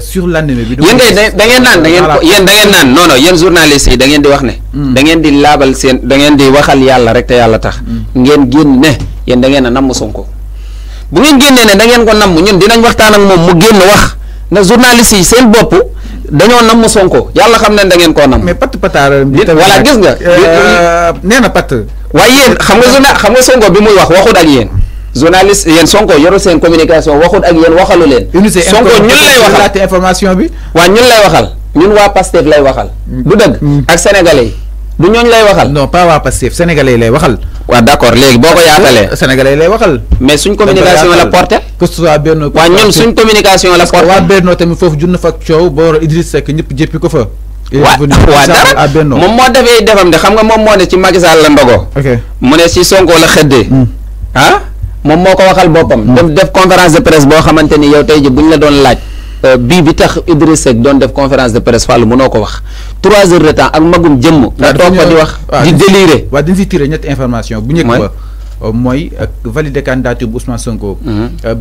sur l'anime bi. yéen kay da ngeen naan da ngeen ko yéen da ngeen naan non non yéen journaliste yi da di wax ne. Hmm. da ngeen di laabal seen da di waxal yàlla rek te yàlla tax. Hmm. ngeen génn ne yéen da ngeen a namm Sonko. bu ngeen génnee ne dangeen ko nam ñun dinañ waxtaan ak moom mu génn wax na journaliste yi seen bopp. dañoo namm Sonko yàlla xam ne da ngeen koo namm. mais pat pataar bi voilà gis nga. Euh, nee na pat. waaye yéen xam nga journal xam nga Sonko bi muy wax waxut ak yéen. journaliste yéen Sonko yoru seen communication waxut ak yéen waxalu leen. Sonko ñun lay waxal information bi. waa ñun lay waxal ñun waa Pastef lay waxal. du dëgg mm. Mm. ak sénégalais yi du ñooñu lay waxal. non pas waa Pastef sénégalais lay waxal. waaw d' accord boo ko yaatalee. sénégalais lay waxal. mais suñ communication la porté. que ce soit waa ñun suñ communication la porté. waa Benno tamit foofu junne fa coow boo war a Idriss Seck ñëpp jéppi ko fa. waa waa dara moom moo defee defam de xam nga moom moo ne ci Macky Sall la ndogo. mu ne si Sonko la moom moo ko waxal boppam. Hmm. def def conférence de presse boo xamante ni yow tey ji bu ñu la doon laaj. Euh, bii bi tax Idriss Seck doon def conférence de presse Fallou mënoo ko wax trois heures de temps ak magum jëm nga toog fa di wax di déliré. waaw dañ si tiré ñetti information bu njëkk ba. Euh, mooy euh, valider candidature bu Ousmane Sonko.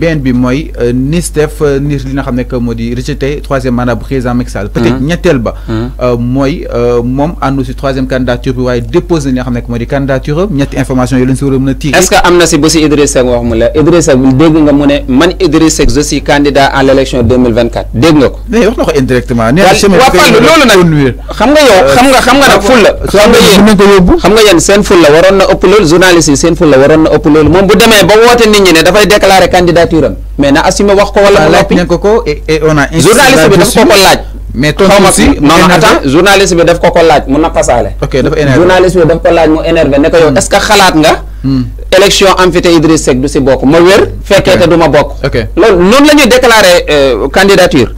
ben bi moy nis def ni li nga xamné que modi di 3e mandat président Macky Sall. peut-être mhm. ñettel ba. Mhm. mooy moom àndu 3e candidature bi waaye déposé li nga xamné que modi candidature ñett information yi leen si war a mën est-ce que amna ci si Idriss si Seck wax mu la Idriss Seck dégg nga mu né man Idriss Seck je suis candidat à l'élection 2024 dégg nga ko. mais wax na ko indirectement. nee na chemin lolu nak xam nga yow xam nga xam nga nak ful la. xam nga yeen xam nga yéen seen ful la waron na ëpp loolu journaliste sen seen ful la waroon na ëpp loolu moom bu demee ba woote nit ñi ne dafay déclarer candidature mais na assumé wax ko wala. laaj nañ ko ko a. laaj. mais tontu si non bi daf ko ko laaj mu nappasaale. ok bi daf ko laaj mu énervé ne yow hmm. est xalaat nga. Hmm. élection am fi te Idriss Seck du si bokk ma wér. fekkee te du bokk. loolu noonu la ñuy déclarer euh,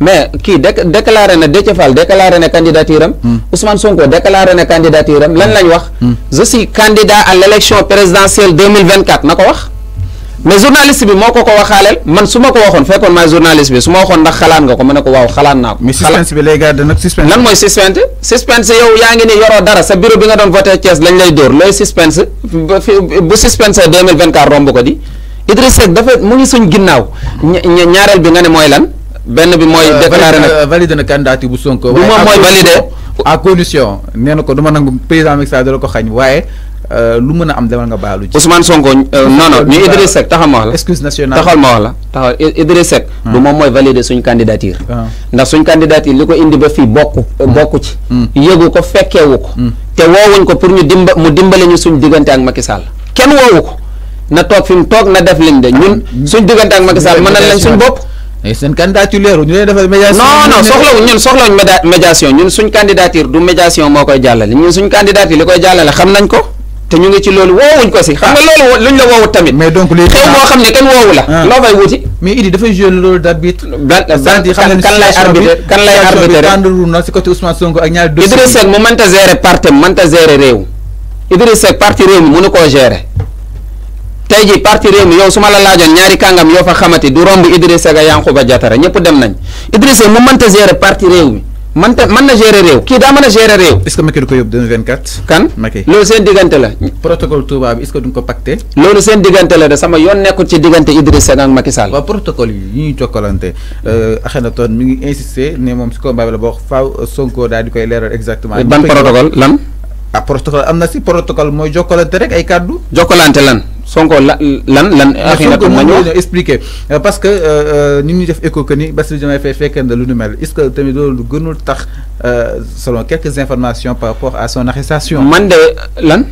mais kii dé déclaré na Déthié Fall déclaré na candidature am. Hmm. Ousmane Sonko déclaré na candidature am lan lañ wax. Hmm. Hmm. je suis candidat à l' élection présidentielle deux mille vingt quatre na ko wax. mais journaliste bi moo ko ko waxaaleel man su ma ko waxoon fekkoon maay journaliste bi su ma waxoon ndax xalaat nga ko ma ne ko waaw xalaat naa ko. mais suspense bi lay gardé nag suspense. lan mooy suspense suspense yow yaa ngi ni yoroo dara sa bureau bi nga doon voté Thiès lañ lay dóor looy suspense bu suspense deux mille vingt romb ko di Idriss Seck dafa mu ñaareel bi nga ne mooy lan. benn bi mooy. Euh, de nag euh, valide na candidature bu Sonko. bu moom mooy validé à na ko duma nangu président Macky Sall dala ko xañ waaye euh, lu mën a am demal baalu ci. Ousmane Sonko non non ñu Idriss Seck taxal ma wax la. excuse nationale taxal ah. moom mooy valider suñ candidature. Ah. ndax suñ candidature li ko indi ba fii bokku mm. bokku ci. Mm. yëgu ko fekkeewu ko. Mm. te woowuñ ko pour mu dimba mu dimbale ñu suñ diggante ak Macky Sall kenn woowu ko na toog fi mu toog na def liñ de ñun ah. suñ diggante ak Macky Sall na lañ suñ bopp. mais seen candidature leeru ñu leen defal médiation. non non soxlawuñ ñun soxlawuñ médiation ñun suñ candidature du médiation moo koy jàllale ñun suñ candidature li koy jàllale xam nañ ko te ñu ngi ci loolu woowuñ ko si. xam nga loolu luñ la woowut tamit. mais donc léegi xew moo xam ne kenn woowu la. Ah. loo fay wuti. mais Idi dafay joué kan kan lay arbitre kan lay arbitre rek si côté Ousmane Sonko ak ñaari dossiers. Idrissa Seck mu mënta gérer parti mënta gérer réew Idrissa Seck réew mi mënu koo gérer tey ji parti réew mi yow su la laajoon ñaari kàngam yoo fa xamati du romb Idrissa ga Yankuba Diatara ñëpp dem nañ Idrissa mu mënta gérer parti réew mi mënta mën na gérer réew kii daa mën a gérer réew. est-ce que Macky du ko yóbbu 2024. kan loolu seen diggante la. de sama yoon nekkul ci diggante Idrissa ak Macky Sall. waaw protocole yi ñuy jokkalante euh, Akhenaton mi ngi insister ne moom si combat bi la boo faaw Sonko daal di koy leeral exactement. ban protocole ah protocole amna na si protocole moy jokolante rek ay cadeau jokolante lan Sonko lan lan lan. Ah, Akhenaton ma ñu expliquer euh, parce que euh, euh, ni ñu def écho que ni Bassirou Diomaye Faye fekkee na lu ñu mel est-ce que tamit loolu gënul tax selon quelques informations par rapport à son arrestation. man de lan.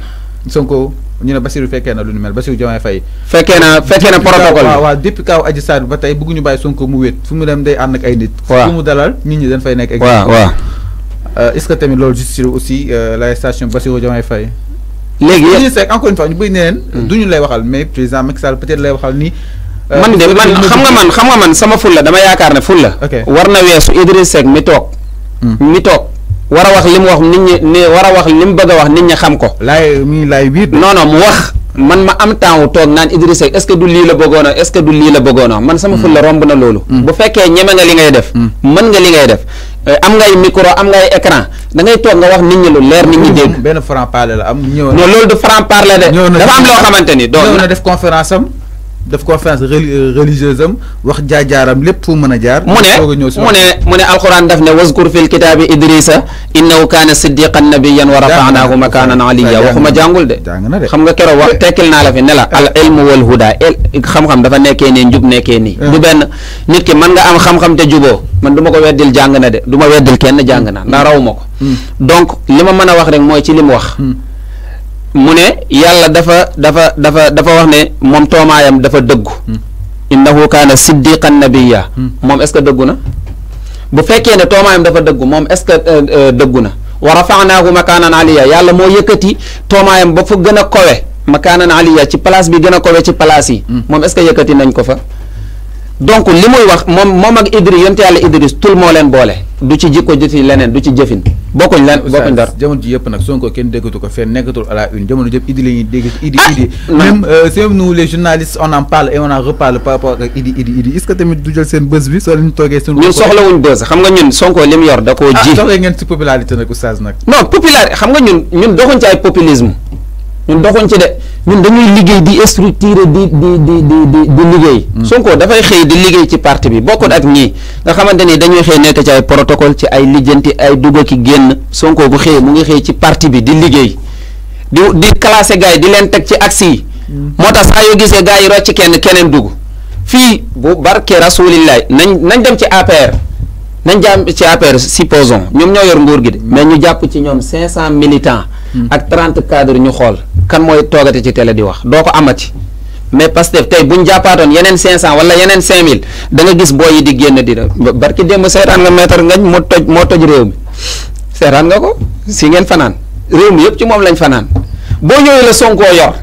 Sonko ñu ne Bassirou fekkee na lu ñu mel Bassirou Diomaye fay fekkee na fekkee na protocole wa wa depuis kaw Adji Sarr ba tey bëgguñu bàyyi Sonko mu wéet fu mu dem day and ak ay nit. fu mu dalal nit ñi dañ fay nekk. wa wa Euh, est-ce que tamit loolu justifié aussi euh, l'arrestation Bassirou Diomaye Faye léegi yéen Seck encore une fois ñu bëri ne hmm. du ñu lay waxal mais président Macky Sall peut-être lay waxal ni. Euh, man de man xam nga man xam nga man sama fulla dama yaakaar ne fulla war na weesu Idriss Seck mi toog. Hmm. mi toog war a wax li mu wax nit ñi ni war a wax li mu bëgg a wax nit ñi xam ko. laay mi laay wiir. non mu wax man ma am temps wu toog naan Idriss Seck est-ce que du lii la bëggoon a est-ce que du a hmm. loolu. bu fekkee ñeme nga li ngay def. mën nga li ngay def. Euh, am ngay micro am ngay écran da ngay toog nga wax nit ñi lu leer nit ñi dégg. benn franc parler la am ñëw. loolu du franc parler de. dafa am loo xamante ni. donc ñëw na def conférence am. daf confiance religieuse am wax jaajaram lépp fu meuna jaar mu ne mu ne alquran daf ne wazkur fil kitaabi idrisa innahu kana siddiqan nabiyyan wa rafaanaahu makaanan aliya waxuma jàngul de xam nga kero wax tekil na la fi ne la al ilm wal huda xam-xam dafa nekkee nii njub nekkee ni du ben nit ki man nga am xam-xam te jubo man duma ko weddil jàng na de duma weddil kenn jàng na na raw donc lima meuna wax rek moy ci lim wax mu ne yàlla dafa dafa dafa dafa wax ne moom toomaayam dafa dëggu innahu kaana siddiqan nabiyya moom est-ce que dëggu na bu fekkee ne toomaayam dafa dëggu moom est-ce que dëggu na wa rafanahu makaanan aliya yàlla moo yëkkati toomaayam ba fu gën a kowe makaanan aliya ci place bi gën a kowe ci place yi moom est-ce que yëkkati nañ ko fa donc li muy wax moom moom ak Idriss yonte yàlla Idriss tul moo leen boole du ci jikko du ci leneen du ci jëfin bokkuñ leen bokkuñ dara jamono ji yëpp nag Sonko kenn déggatu ko fenn nekkatul à la une jamono jëpp Idi la ñuy dégg Idi ah, Idi même euh, c'est nous que tamit du jël seen bës bi soo leen toogee seen ñun soxlawuñ bës xam nga ñun Sonko li yor da koo ah, ji soxla ngeen ci popularité nag oustaz nag xam nga ñun ñun doxuñ ci ay ñun doxuñ ci de ñun dañuy liggéey di structuré di di di di di liggéey. Hmm. Sonko dafay xëy di liggéey ci parti bi bokkut ak ñii nga xamante ni dañuy xëy nekk ci ay protocole ci ay lijjanti ay dugg ki génn Sonko bu xëyee mu ngi xëy ci parti bi di liggéey di di classé gars di leen teg ci axe yi. Hmm. moo tax saa yoo gisee gars yi rocc kenn keneen dugg fii bu barke rasulillahi nañ nañ dem ci APR. nañ jàpp ci APR supposons ñoom ñoo yor nguur gi de. Hmm. mais ñu jàpp ci ñoom 500 militants. ak 30 cadres ñu xool. kan mooy toogate ci télé di wax doo ko amati mais Pastef tey buñ jàppaatoon yeneen cent wala yeneen 5000 da nga gis booy yi di génn di def barki démb seetaan nga maître nga moo toj moo toj réew mi seetaan nga ko si ngeen fanaan réew mi yëpp ci moom lañ fanaan boo ñëwee la Sonkoo yor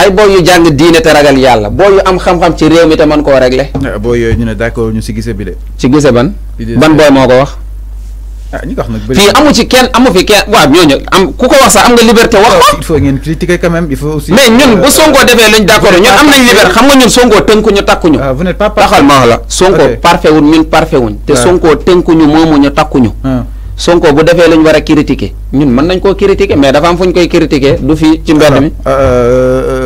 ay booy yu jàng diine te ragal yàlla booy yu am xam-xam ci réew mi te mën koo régler. Eh, booy yooyu ñu ne d'accord ñu si gise bi de. ci gise ban. ban booy moo ko wax. Ah, fii amu ci kenn amu fi kenn waaw ñooñu am ku ko wax sax am nga liberté wax ko. Ah, mais ñun bu Sonko defee lañ d' accord ñun am nañ liberté xam nga ñun Sonko tënkuñu takkuñu. Ah, vous n' êtes pas parfait la Sonko parfait wuñ ñun parfait wuñ. te Sonko tënkuñu moomuñu takkuñu. Sonko bu defee lañ war a critiquer ñun mën nañ koo critiquer mais dafa am fu ñu koy critiquer du fi ci mbedd mi. Euh,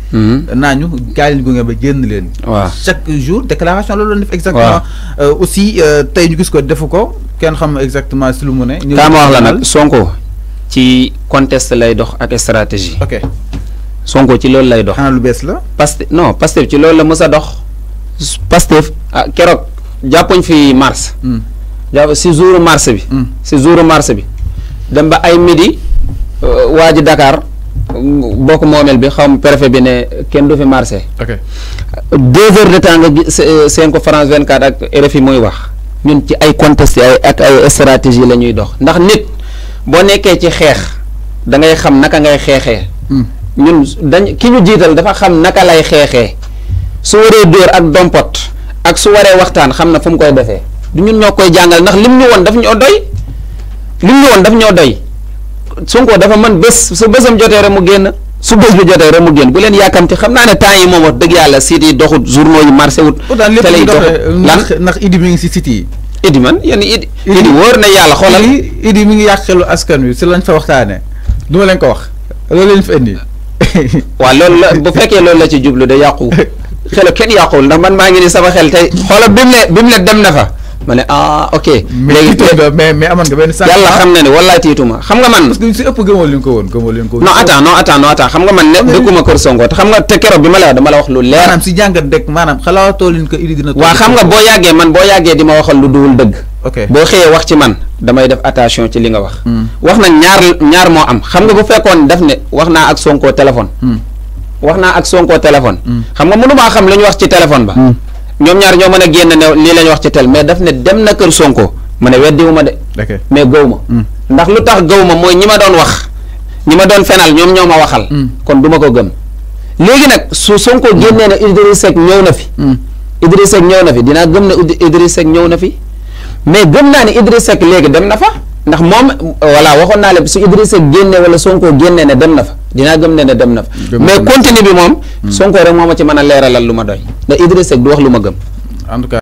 Mm-hmm. naa ñu kaay leen ba génn leen. waaw chaque jour déclaration loolu doon def. exactement euh, aussi euh, tay ñu gis ko defuko ko kenn xam exactement si lu mu ne. kaama wax la nag Sonko ci conteste lay dox ak stratégie. ok Sonko ci loolu lay dox. xanaa lu bees la. Pastef non Pastef ci loolu la mës a dox. Pastef ah keroog jàppuñ fi mars. Mm. jàpp si jour mars bi. Mm. si jour mars bi dem ba ay midi euh, waa ji Dakar. bokk moomeel bi xam préfet bi ne kenn du fi marché. ok deux heures de temps nga euh, seen ko France 24 ak RFI muy wax ñun ci ay conteste ay ak ay stratégie la ñuy dox ndax nit boo nekkee ci xeex da ngay xam naka ngay xeexee. Hmm. ñun dañ ki ñu jiital dafa xam naka lay xeexee su waree dóor ak dompot ak su waree waxtaan xam na fu mu koy defee du ñun ñoo koy jàngal ndax lim ñu woon daf ñoo doy lim ñu woon daf ñoo doy. Sonko dafa man bés su bésam jotee rek mu génn su bés bi jotee rek mu génn bu leen yàkkamti xam naa ne temps yi moom wax dëgg yàlla site yi doxut journaux yi marché wut. télé yi doxut ndax Idi mi ngi si site yi. Idi man yéen Idi. Idi wóor na yàlla xoolal Idi Idi mi ngi yàq xelu askan wi si lañ fa waxtaanee du ma leen ko wax loolu leen fa indi. waaw loolu la bu fekkee loolu la ci jublu de yàqu xelu kenn yàquwul ndax man maa ngi ni sama xel tey xoolal bi mu ne bi dem na fa ma ne ah ok. léegi mais mais amoon nga xam na ne wallaay tiituma xam nga man. ko woon gëmoo leen ko woon. ne dëkkuma kër Sonko te xam bi ma la wax dama la wax lu leer. maanaam xam nga boo yàggee man boo yàggee di ma waxal lu duwul dëgg. ok boo xëyee wax ci man damay def attention ci li nga wax. Hmm. wax na ñaar ñaar moo am xam nga bu fekkoon daf ne wax naa ak Sonko téléphone. Hmm. wax naa ak Sonko téléphone. Hmm. xam nga mënu maa xam lu wax ci téléphone ba ñoom ñaar ñoo mën a génn ne lii lañ wax ci tell mais daf ne dem na kër Sonko mu ne weddiwu ma de. mais gaw ma. Hmm. ndax lu tax gaw ma mooy ñi ma doon wax ñi ma doon fenal ñoom ñoo ma waxal. Hmm. kon du ko gëm. léegi nag su Sonko hmm. génnee ne Idrissa Seck ñëw na fi. Idrissa Seck ñëw na fi dinaa gëm ne Idrissa ñëw na fi mais gëm naa ne Idrissa Seck léegi dem na fa ndax moom voilà waxoon naa leen su Idrissa Seck génne wala Sonko génne ne dem na fa dinaa gëm ne ne dem na fa. mais continue bi moom. Sonko rek moom ma ci mën a leeralal lu ma doy. ndax Idrissa Seck du wax lu ma gëm en tout cas